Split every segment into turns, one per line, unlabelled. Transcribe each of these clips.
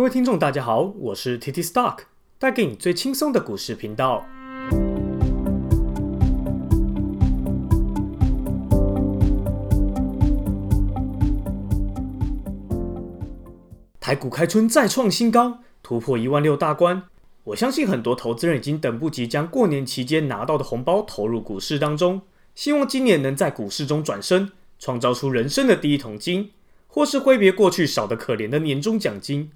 各位聽眾，大家好，我是 TT Stock，帶給你最輕鬆的股市頻道。台股開春再創新高，突破一萬六大關。我相信很多投資人已經等不及，將過年期間拿到的紅包投入股市當中，希望今年能在股市中轉生，創造出人生的第一桶金，或是揮別過去少得可憐的年終獎金。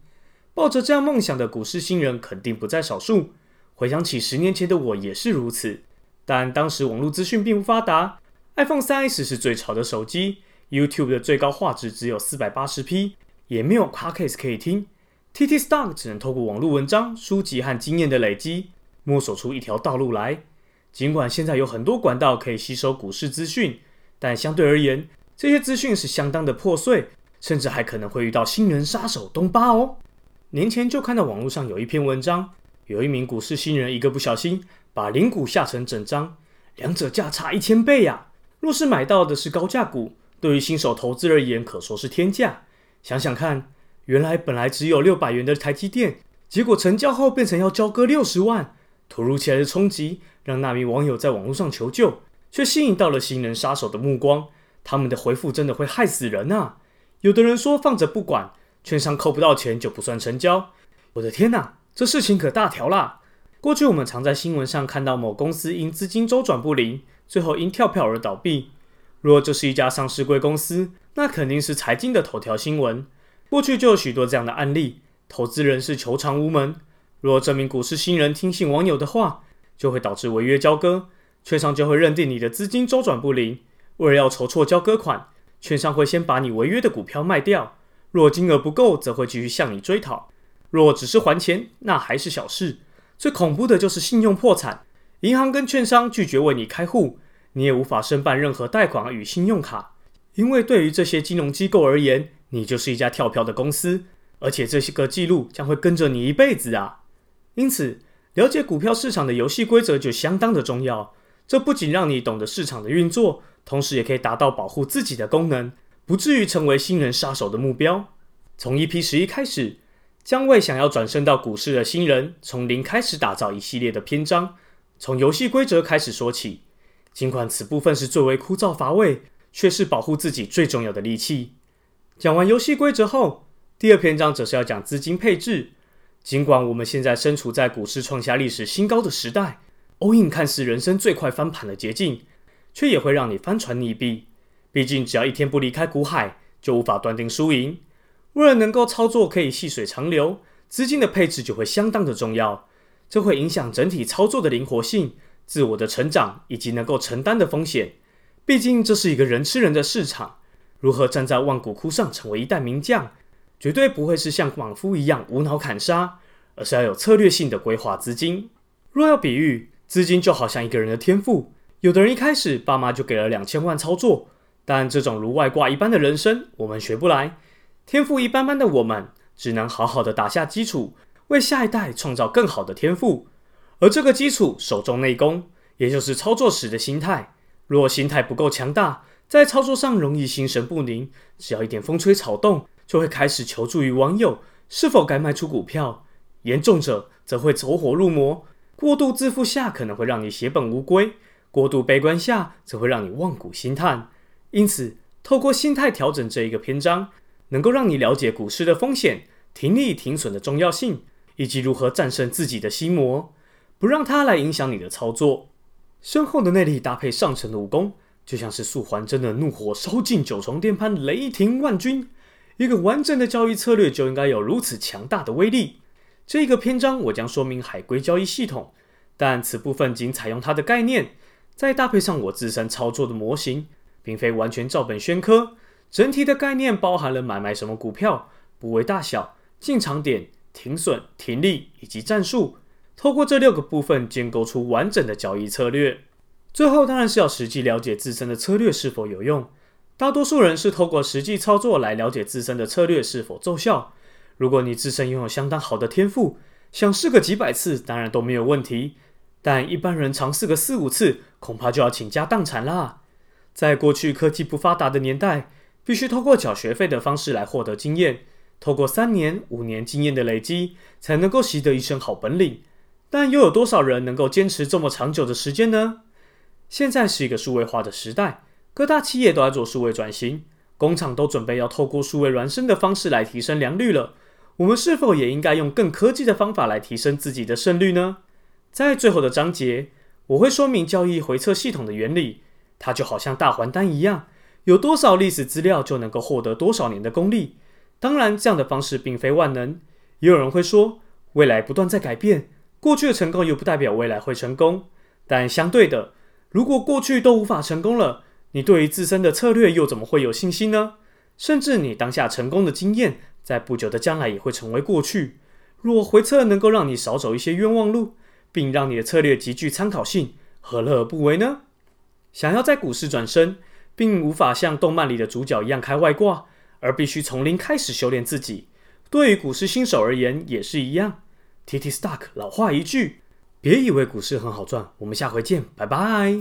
抱着這樣夢想的股市新人肯定不在少數。回想起十年前的我也是如此，但當時網絡資訊並不發達，iPhone 3S 是最潮的手機，YouTube 的最高畫質只有四百八十 P，也沒有 Podcast 可以聽。T T Stock 只能透過網絡文章、書籍和經驗的累積，摸索出一條道路來。儘管現在有很多管道可以吸收股市資訊，但相對而言，這些資訊是相當的破碎，甚至還可能會遇到“新人殺手”東巴哦。年前就看到網路上有一篇文章，有一名股市新人一個不小心把零股下成整張，兩者價差一千倍呀、啊！若是買到的是高價股，對於新手投資而言可說是天價。想想看，原來本來只有六百元的台積電，結果成交後變成要交割六十萬，突如其來的衝擊讓那名網友在網路上求救，卻吸引到了新人殺手的目光。他們的回覆真的會害死人啊！有的人說放着不管。券商扣不到錢就不算成交，我的天哪，這事情可大條啦。過去我們常在新聞上看到某公司因資金週轉不靈，最後因跳票而倒閉。若這是一家上市貴公司，那肯定是財經的頭條新聞。過去就有許多這樣的案例，投資人是求償無門。若這名股市新人聽信網友的話，就會導致違約交割，券商就會認定你的資金週轉不靈，為了要籌措交割款，券商會先把你違約的股票賣掉。若金額不夠，則會繼續向你追討；若只是還錢，那還是小事。最恐怖的就是信用破產，銀行跟券商拒絕為你開戶，你也無法申辦任何貸款與信用卡，因為對於這些金融機構而言，你就是一家跳票的公司，而且這些個記錄將會跟着你一輩子啊！因此，了解股票市場的遊戲規則就相當的重要。這不僅讓你懂得市場的運作，同時也可以達到保護自己的功能。不至於成為新人殺手的目標。從 EP11 開始，將為想要轉生到股市的新人從零開始打造一系列的篇章。從遊戲規則開始說起，儘管此部分是最為枯燥乏味，却是保護自己最重要的利器。講完遊戲規則後，第二篇章則是要講資金配置。儘管我們現在身處在股市創下歷史新高的時代 All In，看似人生最快翻盤的捷徑，却也會讓你翻船溺斃。畢竟，只要一天不離開股海，就無法斷定輸贏。為了能夠操作，可以細水長流，資金的配置就會相當的重要。這會影響整體操作的靈活性、自我的成長以及能夠承擔的風險。畢竟，這是一個人吃人的市場。如何站在萬骨枯上成為一代名將，絕對不會是像莽夫一樣無腦砍殺，而是要有策略性的規劃資金。若要比喻，資金就好像一個人的天賦。有的人一開始爸媽就給了兩千萬操作。但這種如外掛一般的人生，我們學不來。天賦一般般的我們，只能好好的打下基礎，為下一代創造更好的天賦。而這個基礎，首重內功，也就是操作時的心態。若心態不夠強大，在操作上容易心神不寧，只要一點風吹草動，就會開始求助於網友，是否該賣出股票？嚴重者則會走火入魔。過度自負下可能會讓你血本無歸，過度悲觀下則會讓你望股興嘆。因此，透過心態調整這一個篇章，能夠讓你了解股市的風險、停利停損的重要性，以及如何戰勝自己的心魔，不讓它來影響你的操作。深厚的內力搭配上乘的武功，就像是素還真的怒火燒盡九重天，畔雷霆萬鈞。一個完整的交易策略就應該有如此強大的威力。這一個篇章我將說明海龜交易系統，但此部分僅採用它的概念，再搭配上我自身操作的模型。並非完全照本宣科，整體的概念包含了買賣什麼股票、部位大小、進場點、停損、停利以及戰術。透過這六個部分，建構出完整的交易策略。最後當然是要實際了解自身的策略是否有用。大多數人是透過實際操作來了解自身的策略是否奏效。如果你自身擁有相當好的天賦，想試個幾百次，當然都沒有問題。但一般人嘗試個四五次，恐怕就要傾家蕩產啦。在過去科技不發達的年代，必須透過繳學費的方式來獲得經驗，透過三年、五年經驗的累積，才能夠習得一身好本領。但又有多少人能夠堅持這麼長久的時間呢？現在是一個數位化的時代，各大企業都在做數位轉型，工廠都準備要透過數位孿生的方式來提升良率了。我們是否也應該用更科技的方法來提升自己的勝率呢？在最後的章節，我會說明交易回測系統的原理。它就好像大還丹一樣，有多少歷史資料就能夠獲得多少年的功力。當然，這樣的方式並非萬能。也有人會說，未來不斷在改變，過去的成功又不代表未來會成功。但相對的，如果過去都無法成功了，你對於自身的策略又怎麼會有信心呢？甚至你當下成功的經驗，在不久的將來也會成為過去。若回測能夠讓你少走一些冤枉路，並讓你的策略極具參考性，何樂而不為呢？想要在股市轉身，並無法像動漫裡的主角一樣開外掛，而必須從零開始修煉自己。對於股市新手而言也是一樣。T T Stock 老話一句：別以為股市很好賺。我們下回見，拜拜。